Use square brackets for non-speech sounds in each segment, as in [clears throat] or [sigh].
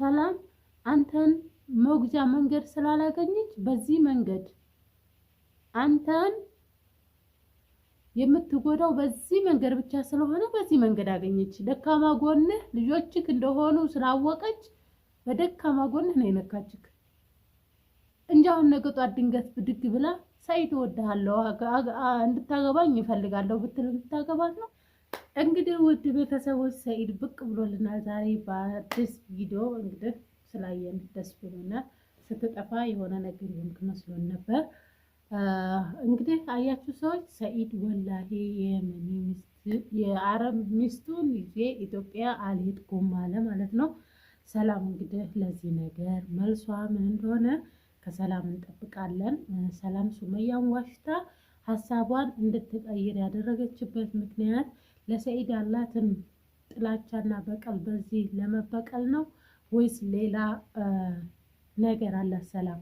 ሰላም አንተን መግጃ መንገድ ስላላገኘች በዚህ መንገድ አንተን የምትጎዳው በዚህ መንገድ ብቻ ስለሆነ በዚህ መንገድ አገኘች። ደካማ ጎንህ ልጆችክ እንደሆኑ ስላወቀች በደካማ ጎንህ ነው የነካችክ እንጂ አሁን ነገ ጧት ድንገት ብድግ ብላ ሰኢድ እወድሃለሁ እንድታገባኝ እፈልጋለሁ ብትል እንድታገባት ነው? እንግዲህ ውድ ቤተሰቦች ሰኢድ ብቅ ብሎልናል ዛሬ በአዲስ ቪዲዮ። እንግዲህ ስላየን ደስ ብሎናል። ስትጠፋ የሆነ ነገር የሆንክ መስሎን ነበር። እንግዲህ አያችሁ ሰዎች ሰኢድ ወላሂ የአረብ ሚስቱን ይዤ ኢትዮጵያ አልሄድኩም አለ ማለት ነው። ሰላም እንግዲህ ለዚህ ነገር መልሷ ምን እንደሆነ ከሰላም እንጠብቃለን። ሰላም ሱመያን ዋሽታ ሀሳቧን እንድትቀይር ያደረገችበት ምክንያት ለሰኢድ ያላትን ጥላቻና በቀል በዚህ ለመበቀል ነው ወይስ ሌላ ነገር አለ? ሰላም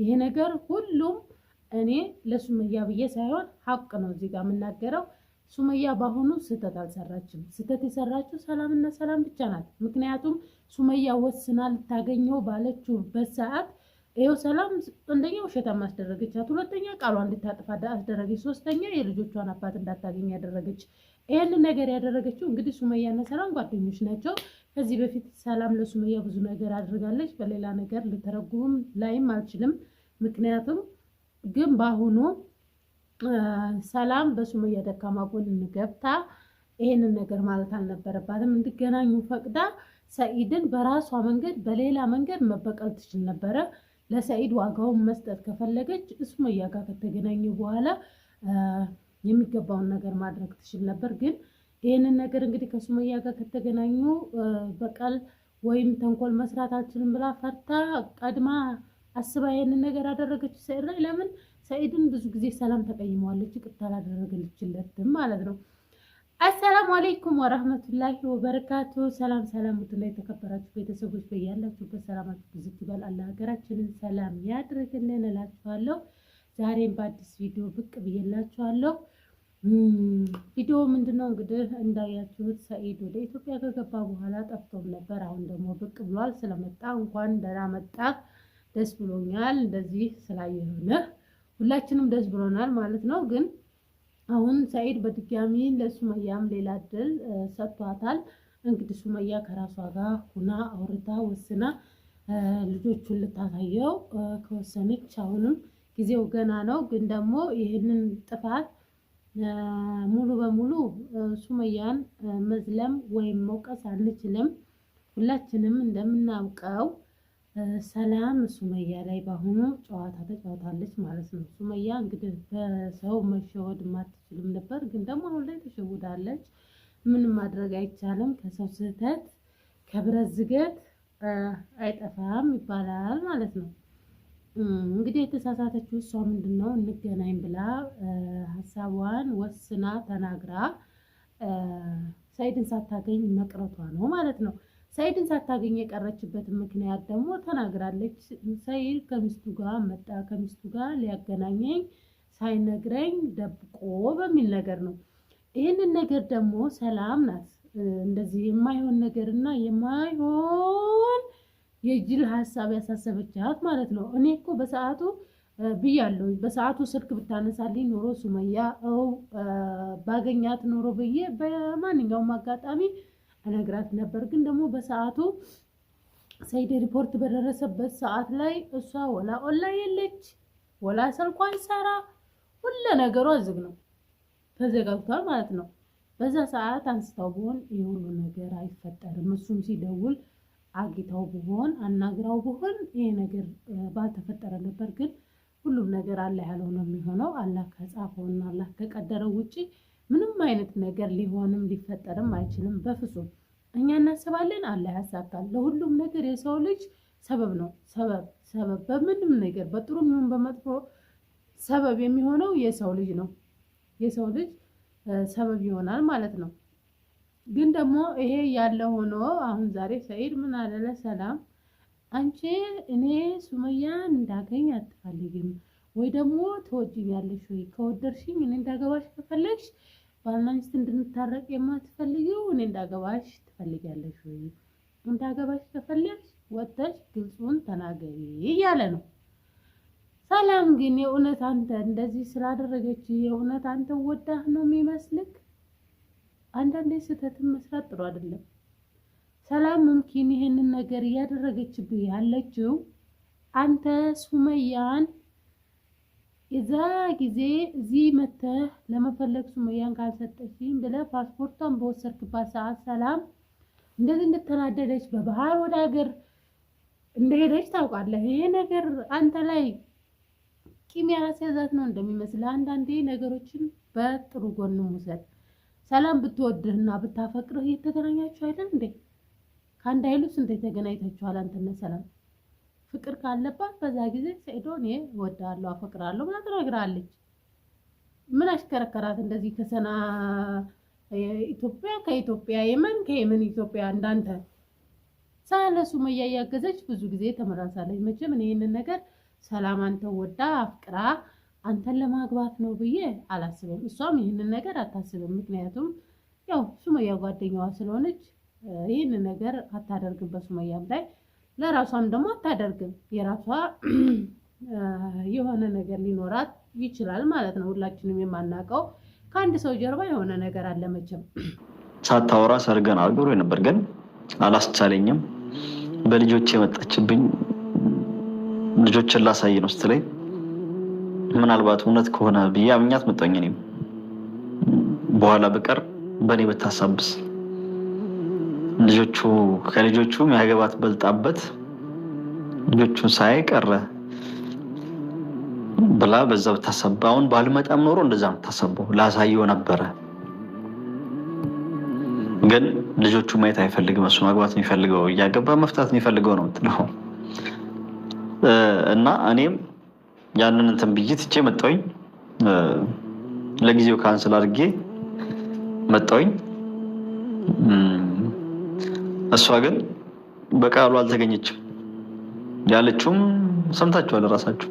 ይሄ ነገር ሁሉም እኔ ለሱመያ ብዬ ሳይሆን ሀቅ ነው እዚህ ጋር የምናገረው። ሱመያ በአሁኑ ስህተት አልሰራችም። ስህተት የሰራችው ሰላምና ሰላም ብቻ ናት። ምክንያቱም ሱመያ ወስና ልታገኘው ባለችው ሰዓት ይኸው ሰላም አንደኛ ውሸታም አስደረገቻት፣ ሁለተኛ ቃሏ እንድታጥፋ አስደረገች፣ ሶስተኛ የልጆቿን አባት እንዳታገኝ ያደረገች ይህንን ነገር ያደረገችው እንግዲህ ሱመያና ሰላም ጓደኞች ናቸው። ከዚህ በፊት ሰላም ለሱመያ ብዙ ነገር አድርጋለች። በሌላ ነገር ልተረጉም ላይም አልችልም። ምክንያቱም ግን በአሁኑ ሰላም በሱመያ ደካማ ጎን ገብታ ይህንን ነገር ማለት አልነበረባትም። እንዲገናኙ ፈቅዳ ሰኢድን በራሷ መንገድ በሌላ መንገድ መበቀል ትችል ነበረ። ለሰኢድ ዋጋውን መስጠት ከፈለገች ሱመያ ጋር ከተገናኘ በኋላ የሚገባውን ነገር ማድረግ ትችል ነበር። ግን ይህንን ነገር እንግዲህ ከሱመያ ጋር ከተገናኙ በቀል ወይም ተንኮል መስራት አልችልም ብላ ፈርታ ቀድማ አስባ ይህንን ነገር አደረገች ሰኢድ ላይ። ለምን ሰኢድን ብዙ ጊዜ ሰላም ተቀይመዋለች፣ ይቅርታ አላደረገችለትም ማለት ነው። አሰላሙ አሌይኩም ወረህመቱላሂ ወበረካቱ። ሰላም ሰላም፣ ላይ የተከበራችሁ ቤተሰቦች በያላችሁበት ሰላማችሁ ብዙ ይበል። አለ ሀገራችንን ሰላም ያድርግልን እላችኋለሁ። ዛሬም በአዲስ ቪዲዮ ብቅ ብዬላችኋለሁ። ቪዲዮ ምንድነው እንግዲህ እንዳያችሁት ሰኢድ ወደ ኢትዮጵያ ከገባ በኋላ ጠፍቶም ነበር። አሁን ደግሞ ብቅ ብሏል። ስለመጣ እንኳን ደህና መጣ፣ ደስ ብሎኛል። እንደዚህ ስላየሆነ ሁላችንም ደስ ብሎናል ማለት ነው። ግን አሁን ሰኢድ በድጋሚ ለሱመያም ሌላ እድል ሰጥቷታል። እንግዲህ ሱመያ ከራሷ ጋር ሁና አውርታ ወስና ልጆቹን ልታሳየው ከወሰነች አሁንም ጊዜው ገና ነው። ግን ደግሞ ይህንን ጥፋት ሙሉ በሙሉ ሱመያን መዝለም ወይም መውቀስ አንችልም። ሁላችንም እንደምናውቀው ሰላም ሱመያ ላይ በአሁኑ ጨዋታ ተጫውታለች ማለት ነው። ሱመያ እንግዲህ በሰው መሸወድ ማትችልም ነበር፣ ግን ደግሞ አሁን ላይ ተሸውዳለች። ምንም ማድረግ አይቻልም። ከሰው ስህተት ከብረት ዝገት አይጠፋም ይባላል ማለት ነው። እንግዲህ የተሳሳተችው እሷ ምንድን ነው እንገናኝ ብላ ሀሳቧን ወስና ተናግራ ሳይድን ሳታገኝ መቅረቷ ነው ማለት ነው። ሳይድን ሳታገኝ የቀረችበት ምክንያት ደግሞ ተናግራለች። ሳይድ ከሚስቱ ጋር መጣ፣ ከሚስቱ ጋር ሊያገናኘኝ ሳይነግረኝ ደብቆ በሚል ነገር ነው። ይህንን ነገር ደግሞ ሰላም ናት እንደዚህ የማይሆን ነገር እና የማይሆን የጅል ሀሳብ ያሳሰበችሃት ማለት ነው። እኔ እኮ በሰዓቱ ብያለሁ። በሰዓቱ ስልክ ብታነሳልኝ ኖሮ ሱመያ ው ባገኛት ኖሮ ብዬ በማንኛውም አጋጣሚ እነግራት ነበር። ግን ደግሞ በሰዓቱ ሰይድ ሪፖርት በደረሰበት ሰዓት ላይ እሷ ወላ ኦንላይን የለች፣ ወላ ስልኳ ይሰራ፣ ሁለ ነገሯ ዝግ ነው፣ ተዘጋግቷል ማለት ነው። በዛ ሰዓት አንስታው ቢሆን ይህ ሁሉ ነገር አይፈጠርም። እሱም ሲደውል አግኝታው ብሆን አናግራው ብሆን ይሄ ነገር ባልተፈጠረ ነበር። ግን ሁሉም ነገር አላህ ያለው ነው የሚሆነው። አላህ ከጻፈውና አላህ ከቀደረው ውጪ ምንም አይነት ነገር ሊሆንም ሊፈጠርም አይችልም በፍጹም። እኛ እናስባለን፣ አላህ ያሳካል። ለሁሉም ነገር የሰው ልጅ ሰበብ ነው። ሰበብ ሰበብ በምንም ነገር በጥሩ ይሁን በመጥፎ ሰበብ የሚሆነው የሰው ልጅ ነው። የሰው ልጅ ሰበብ ይሆናል ማለት ነው። ግን ደግሞ ይሄ ያለ ሆኖ አሁን ዛሬ ሰኢድ ምን አለ ለሰላም፣ አንቺ እኔ ሱመያን እንዳገኝ አትፈልግም ወይ ደግሞ ትወጅኛለሽ ወይ? ከወደርሽኝ እኔ እንዳገባሽ ከፈለግሽ ባልና ሚስት እንድንታረቅ የማትፈልጊው እኔ እንዳገባሽ ትፈልጊያለሽ ወይ? እንዳገባሽ ከፈለግሽ ወጥተሽ ግልጹን ተናገሪ እያለ ነው። ሰላም ግን የእውነት አንተ እንደዚህ ስላደረገች የእውነት አንተ ወዳህ ነው የሚመስልክ? አንዳንዴ ስህተትን መስራት ጥሩ አይደለም። ሰላም ሙምኪን ይህንን ነገር እያደረገችብህ ያለችው አንተ ሱመያን የዛ ጊዜ እዚህ መተህ ለመፈለግ ሱመያን ካልሰጠችኝ ብለህ ፓስፖርቷን በወሰድክባት ሰዓት ሰላም እንደዚህ እንደተናደደች በባህር ወደ ሀገር እንደሄደች ታውቃለህ። ይሄ ነገር አንተ ላይ ቂም ያስያዛት ነው እንደሚመስል። አንዳንዴ ነገሮችን በጥሩ ጎን ውሰድ። ሰላም ብትወድህና ብታፈቅርህ የተገናኛቸው አይደል እንዴ? ከአንድ አይሉስ እንዴ ተገናኝታችኋል? አንተና ሰላም ፍቅር ካለባት በዛ ጊዜ ሰኢዶ እኔ እወድሃለሁ አፈቅርሃለሁ ብላ ትነግራለች። ምን አሽከረከራት እንደዚህ ከሰና ኢትዮጵያ ከኢትዮጵያ የመን ከየመን ኢትዮጵያ እንዳንተ ሳለ ሱመያ እያገዘች ብዙ ጊዜ ተመላልሳለች። መቼም ይህንን ነገር ሰላም አንተ ወዳ አፍቅራ አንተን ለማግባት ነው ብዬ አላስብም። እሷም ይህንን ነገር አታስብም። ምክንያቱም ያው ሱመያ ጓደኛዋ ስለሆነች ይህንን ነገር አታደርግም። በሱመያም ላይ ለራሷም ደግሞ አታደርግም። የራሷ [clears throat] የሆነ ነገር ሊኖራት ይችላል ማለት ነው። ሁላችንም የማናውቀው ከአንድ ሰው ጀርባ የሆነ ነገር አለ። መቼም ሳታወራ ሰርገን አርገሮ ነበር፣ ግን አላስቻለኝም። በልጆች የመጣችብኝ ልጆችን ላሳይ ነው ስትለኝ ምናልባት እውነት ከሆነ ብዬ አምኛት መጣኝ። እኔም በኋላ በቀር በእኔ ብታሳብስ ልጆቹ ከልጆቹ ያገባት በልጣበት ልጆቹን ሳይ ቀረ ብላ በዛ ብታሰባ አሁን ባልመጣም ኖሮ እንደዛ ብታሰባው ላሳየው ነበረ። ግን ልጆቹ ማየት አይፈልግም። እሱ ማግባት የሚፈልገው እያገባ መፍታት የሚፈልገው ነው ምትለው እና እኔም ያንን እንትን ብዬ ትቼ መጣሁኝ። ለጊዜው ካንስል አድርጌ መጣሁኝ። እሷ ግን በቃሉ አልተገኘችም። ያለችውም ሰምታችኋል እራሳችሁ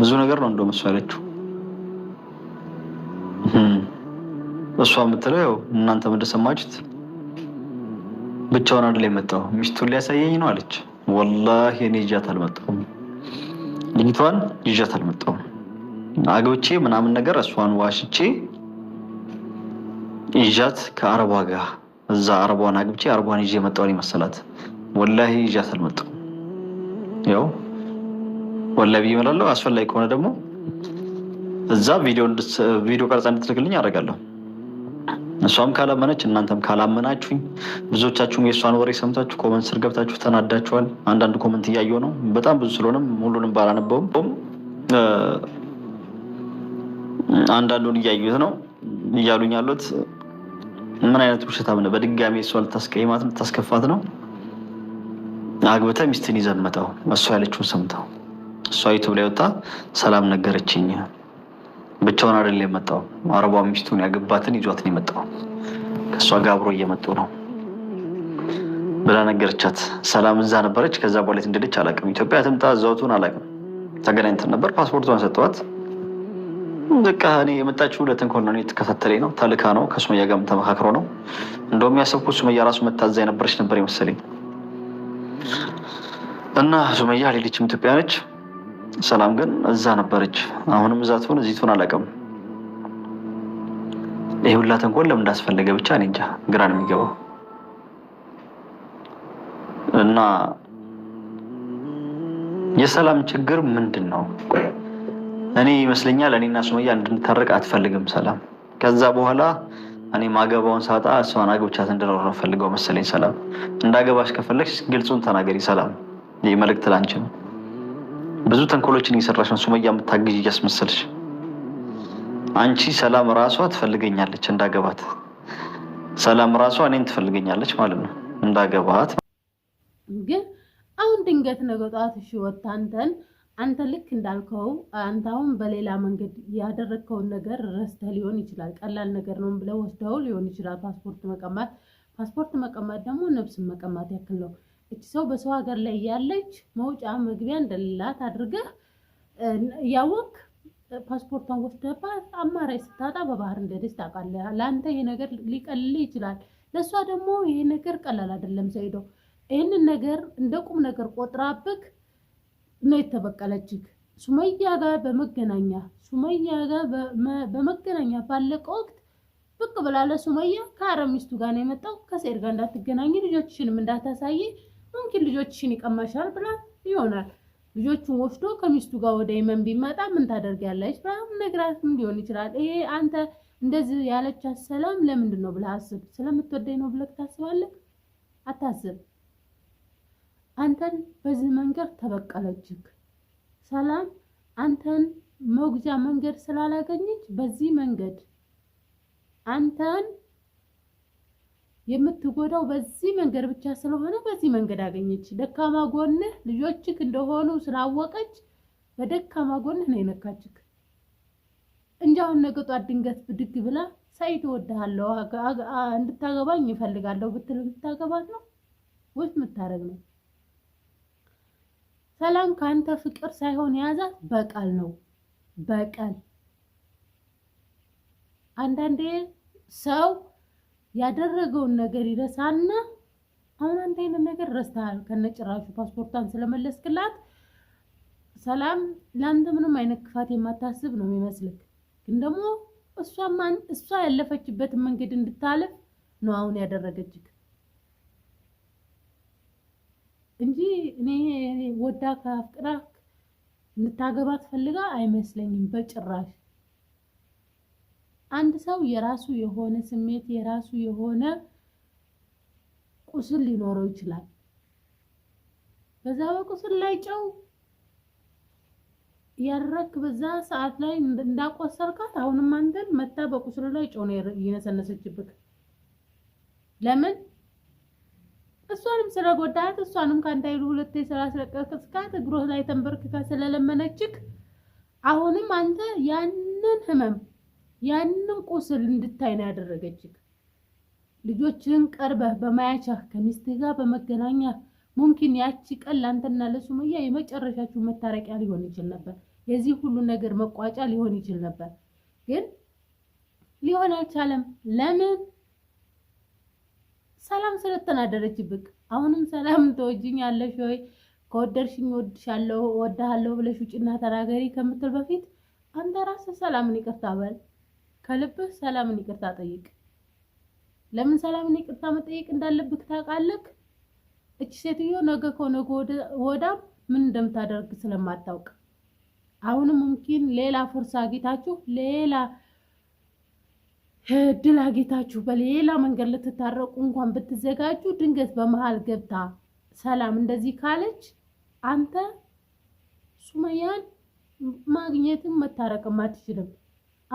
ብዙ ነገር ነው እንደውም እሷ ያለችው። እሷ የምትለው ያው እናንተ እንደሰማችሁት ብቻውን አይደል የመጣው ሚስቱን ሊያሳየኝ ነው አለች። ወላሂ እኔ እጃት አልመጣሁም መኝቷን ይዣት አልመጣሁም። አግብቼ ምናምን ነገር እሷን ዋሽቼ ይዣት ከአረቧ ጋር እዛ አረቧን አግብቼ አረቧን ይዤ መጣሁ መሰላት። ወላሂ ይዣት አልመጣሁም። ያው ወላሂ ብዬ እመላለሁ። አስፈላጊ ከሆነ ደግሞ እዛ ቪዲዮ ቀርጻ እንድትልክልኝ አደርጋለሁ። እሷም ካላመነች እናንተም ካላመናችሁኝ፣ ብዙዎቻችሁም የእሷን ወሬ ሰምታችሁ ኮመንት ስር ገብታችሁ ተናዳችኋል። አንዳንድ ኮመንት እያየሁ ነው። በጣም ብዙ ስለሆነም ሁሉንም ባላነበውም አንዳንዱን እያዩት ነው እያሉኝ ያሉት ምን አይነት ውሸታም ነው? በድጋሚ እሷ ልታስቀይማት ልታስከፋት ነው። አግብተ ሚስትን ይዘን መጣው እሷ ያለችውን ሰምተው እሷ ዩቱብ ላይ ወጣ ሰላም ነገረችኝ። ብቻውን አይደል የመጣው። አረቧ ሚስቱን ያገባትን ይዟትን የመጣው። ከእሷ ጋር አብሮ እየመጡ ነው ብላ ነገረቻት። ሰላም እዛ ነበረች። ከዛ በኋላ እንደሄደች አላውቅም። ኢትዮጵያ ትምጣ እዛቱን አላውቅም። ተገናኝተን ነበር። ፓስፖርቷን ሰጠዋት። በቃ እኔ የመጣችው ለትንኮን ነው። የተከታተለኝ ነው፣ ተልካ ነው፣ ከሱመያ ጋርም ተመካክሮ ነው። እንደውም ያሰብኩት ሱመያ ራሱ መታዛ የነበረች ነበር የመሰለኝ እና ሱመያ ሌሎችም ኢትዮጵያ ነች። ሰላም ግን እዛ ነበረች። አሁንም እዛ ትሆን እዚህ ትሆን አላውቅም። ይህ ሁላ ተንኮል ለምን እንዳስፈለገ ብቻ እኔ እንጃ፣ ግራን ነው የሚገባው። እና የሰላም ችግር ምንድን ነው? እኔ ይመስለኛል እኔና ሱመያ እንድንታረቅ አትፈልግም ሰላም። ከዛ በኋላ እኔ ማገባውን ሳጣ እሷን አግብቻት እንድኖር ነው ፈልገው መሰለኝ። ሰላም እንዳገባሽ ከፈለግሽ ግልጹን ተናገሪ ሰላም። ይህ መልእክት ላንቺ ነው። ብዙ ተንኮሎችን እየሰራሽ ነው ሱመያ፣ የምታግዥ እያስመሰልሽ አንቺ። ሰላም ራሷ ትፈልገኛለች እንዳገባት። ሰላም ራሷ እኔን ትፈልገኛለች ማለት ነው እንዳገባት። ግን አሁን ድንገት ነገ ጠዋት እሺ ወጣ አንተን አንተ ልክ እንዳልከው አንተ አሁን በሌላ መንገድ ያደረግከውን ነገር ረስተህ ሊሆን ይችላል። ቀላል ነገር ነው ብለው ወስደው ሊሆን ይችላል። ፓስፖርት መቀማት ፓስፖርት መቀማት ደግሞ ነፍስን መቀማት ያክል ነው። እቺ ሰው በሰው ሀገር ላይ ያለች መውጫ መግቢያ እንደሌላት አድርገህ እያወቅ ፓስፖርቷን ወስደባት አማራጭ ስታጣ በባህር እንደሄደች ታውቃለህ። ለአንተ ይሄ ነገር ሊቀልል ይችላል። ለእሷ ደግሞ ይሄ ነገር ቀላል አይደለም። ሰይዶ ይህንን ነገር እንደ ቁም ነገር ቆጥራብክ ነው የተበቀለችክ። ሱመያ ጋር በመገናኛ ሱመያ ጋር በመገናኛ ባለቀ ወቅት ብቅ ብላለ ሱመያ ከአረሚስቱ ሚስቱ ጋር ነው የመጣው። ከሰይድ ጋር እንዳትገናኝ ልጆችሽንም እንዳታሳይ ምንኪን ልጆችሽን ይቀማሻል ብላ ይሆናል ልጆቹን ወስዶ ከሚስቱ ጋር ወደ የመን ቢመጣ ምን ታደርጊያለሽ ብላ ነግራትም ሊሆን ይችላል። ይሄ አንተ እንደዚህ ያለቻት ሰላም ለምንድን ነው ብለህ አስብ። ስለምትወደኝ ነው ብለህ ታስባለህ? አታስብ። አንተን በዚህ መንገድ ተበቀለችክ። ሰላም አንተን መጉጃ መንገድ ስላላገኘች በዚህ መንገድ አንተን የምትጎዳው በዚህ መንገድ ብቻ ስለሆነ በዚህ መንገድ አገኘች። ደካማ ጎንህ ልጆችክ እንደሆኑ ስላወቀች በደካማ ጎንህ ነው የነካችክ እንጂ አሁን ነገ ድንገት ብድግ ብላ ሳይት እወድሃለሁ እንድታገባኝ ይፈልጋለሁ ብትል የምታገባት ነው ወይስ የምታረግ ነው? ሰላም ከአንተ ፍቅር ሳይሆን የያዛት በቀል ነው። በቀል አንዳንዴ ሰው ያደረገውን ነገር ይረሳና አሁን አንተ አይነት ነገር ረስተሃል። ከነጭራሹ ፓስፖርቷን ስለመለስክላት ሰላም ለአንተ ምንም አይነት ክፋት የማታስብ ነው የሚመስልክ። ግን ደግሞ እሷ ያለፈችበትን መንገድ እንድታለፍ ነው አሁን ያደረገችክ እንጂ እኔ ወዳ ከአፍቅራክ እንድታገባ ትፈልጋ አይመስለኝም በጭራሽ። አንድ ሰው የራሱ የሆነ ስሜት የራሱ የሆነ ቁስል ሊኖረው ይችላል። በዛ በቁስል ላይ ጨው ያረክ በዛ ሰዓት ላይ እንዳቆሰልካት አሁንም አንተን መታ በቁስሉ ላይ ጨው ነው የነሰነሰችብክ። ለምን እሷንም ስለጎዳት እሷንም ከአንድ አይሉ ሁለቴ ስላስለቀቅስካት እግሮ ላይ ተንበርክካ ስለለመነችክ አሁንም አንተ ያንን ህመም ያንን ቁስል እንድታይ ነው ያደረገችህ። ልጆችህን ቀርበህ በማያቻህ ከሚስትህ ጋር በመገናኛ ሙምኪን ያቺ ቀን ለአንተና ለሱመያ የመጨረሻችሁ መታረቂያ ሊሆን ይችል ነበር። የዚህ ሁሉ ነገር መቋጫ ሊሆን ይችል ነበር፣ ግን ሊሆን አልቻለም። ለምን? ሰላም ስለተናደረችብክ። አሁንም ሰላም ተወጅኛለሽ ወይ ከወደድሽኝ ወድሻለሁ እወድሃለሁ ብለሽ ውጭና ተናገሪ ከምትል በፊት አንተ ራስህ ሰላምን ይቅርታ በል። ከልብህ ሰላምን ይቅርታ ጠይቅ። ለምን ሰላምን ይቅርታ መጠየቅ እንዳለብህ ታውቃለህ። እች ሴትዮ ነገ ከነገ ወዳም ምን እንደምታደርግ ስለማታውቅ አሁንም ሙምኪን ሌላ ፎርስ አግኝታችሁ ሌላ እድል አግኝታችሁ በሌላ መንገድ ልትታረቁ እንኳን ብትዘጋጁ ድንገት በመሀል ገብታ ሰላም እንደዚህ ካለች አንተ ሱመያን ማግኘትም መታረቅም አትችልም።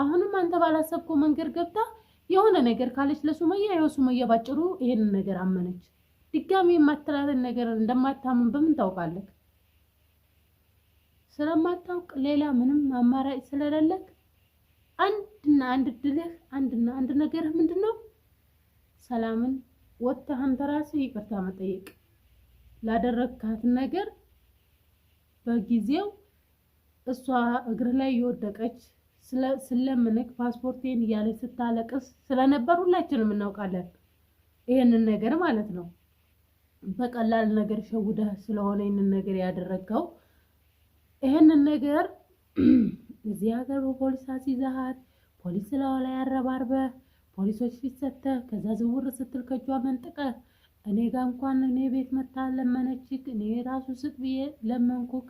አሁንም አንተ ባላሰብከው መንገድ ገብታ የሆነ ነገር ካለች ለሱመያ ይኸው ሱመያ ባጭሩ ይሄንን ነገር አመነች። ድጋሚ የማትላትን ነገር እንደማታምን በምን ታውቃለህ? ስለማታውቅ ሌላ ምንም አማራጭ ስለሌለህ አንድና አንድ ድልህ አንድና አንድ ነገርህ ምንድን ነው? ሰላምን ወጥተህ አንተ ራስህ ይቅርታ መጠየቅ ላደረካት ነገር በጊዜው እሷ እግር ላይ የወደቀች ስለምንክ ፓስፖርቴን እያለ ስታለቅስ ስለነበር ሁላችንም እናውቃለን። ይህንን ነገር ማለት ነው። በቀላል ነገር ሸውደህ ስለሆነ ይህንን ነገር ያደረገው ይህንን ነገር [clears throat] እዚህ ሀገር በፖሊስ አስይዘሃል። ፖሊስ ስለኋላ ያረባርበህ ፖሊሶች ፊት ሰተህ ከዛ ዝውር ስትል ከጇ መንጥቀህ እኔ ጋ እንኳን እኔ ቤት መታ ለመነችክ። እኔ ራሱ ስጥ ብዬ ለመንኩክ።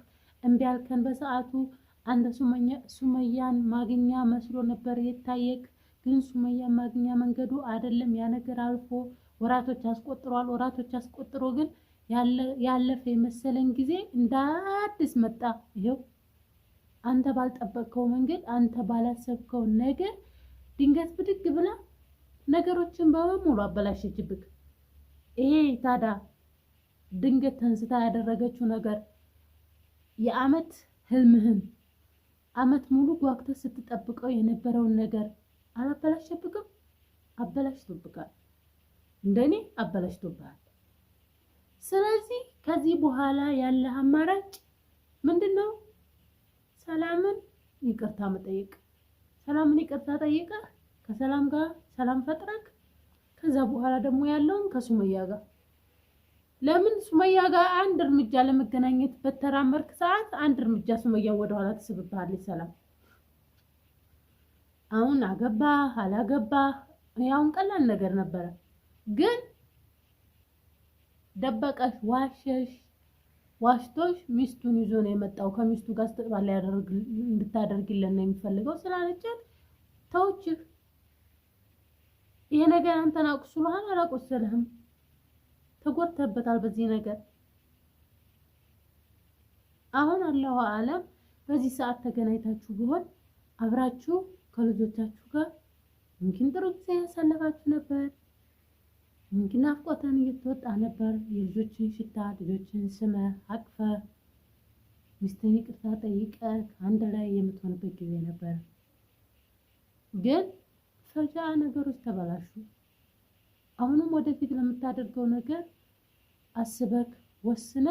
እምቢ አልከን በሰዓቱ አንተ ሱመያን ማግኛ መስሎ ነበር የታየክ። ግን ሱመያን ማግኛ መንገዱ አይደለም። ያ ነገር አልፎ ወራቶች አስቆጥሯል። ወራቶች አስቆጥሮ ግን ያለፈ የመሰለን ጊዜ እንደ አዲስ መጣ። ይኸው አንተ ባልጠበቅከው መንገድ፣ አንተ ባላሰብከው ነገር ድንገት ብድግ ብላ ነገሮችን በሙሉ አበላሸችብክ። ይሄ ታዳ ድንገት ተንስታ ያደረገችው ነገር የአመት ህልምህን አመት ሙሉ ጓግተ ስትጠብቀው የነበረውን ነገር አላበላሸብቅም? አበላሽቶብቃል። እንደኔ አበላሽቶብሃል። ስለዚህ ከዚህ በኋላ ያለ አማራጭ ምንድን ነው? ሰላምን ይቅርታ መጠየቅ። ሰላምን ይቅርታ ጠይቀህ ከሰላም ጋር ሰላም ፈጥረክ ከዛ በኋላ ደግሞ ያለውን ከሱመያ ጋር ለምን ሱመያ ጋር አንድ እርምጃ ለመገናኘት በተራመርክ ሰዓት አንድ እርምጃ ሱመያ ወደኋላ ትስብብሃለች። ሰላም አሁን አገባ አላገባ ያውን ቀላል ነገር ነበረ፣ ግን ደበቀሽ፣ ዋሸሽ። ዋሽቶሽ ሚስቱን ይዞ ነው የመጣው ከሚስቱ ጋር ስትባል እንድታደርግልን ነው የሚፈልገው ስላለቻት ተውችህ። ይሄ ነገር አንተን አቁስሎሃል አላቆሰለህም። ተጎድተበታል በዚህ ነገር። አሁን አላሁ አለም በዚህ ሰዓት ተገናኝታችሁ ቢሆን አብራችሁ ከልጆቻችሁ ጋር ምንኪን ጥሩ ጊዜ ያሳለፋችሁ ነበር። ምንኪን አፍቆተን እየተወጣ ነበር። የልጆችን ሽታ ልጆችን ስመ አቅፈ ሚስትን ይቅርታ ጠይቀ አንድ ላይ የምትሆንበት ጊዜ ነበር። ግን ፈጃ ነገሮች ተበላሹ። አሁንም ወደፊት ለምታደርገው ነገር አስበክ ወስነ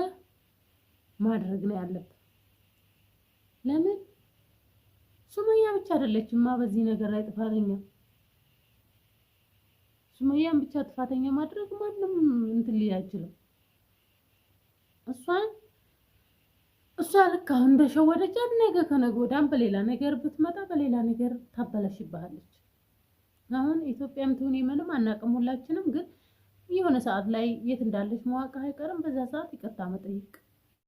ማድረግ ነው ያለብ ለምን ሱመያ ብቻ አይደለችማ በዚህ ነገር ላይ ጥፋተኛ። ሱመያን ብቻ ጥፋተኛ ማድረግ ማንም እንትን ሊል አይችልም። እሷን እሷ ልክ አሁን እንደሸወደቻት ነገ ከነገ ወዲያም በሌላ ነገር ብትመጣ በሌላ ነገር ታበላሽብሃለች። አሁን ኢትዮጵያም ትሁን የምንም አናቅም ሁላችንም ግን የሆነ ሰዓት ላይ የት እንዳለች መዋቅ አይቀርም። በዛ ሰዓት ይቅርታ መጠየቅ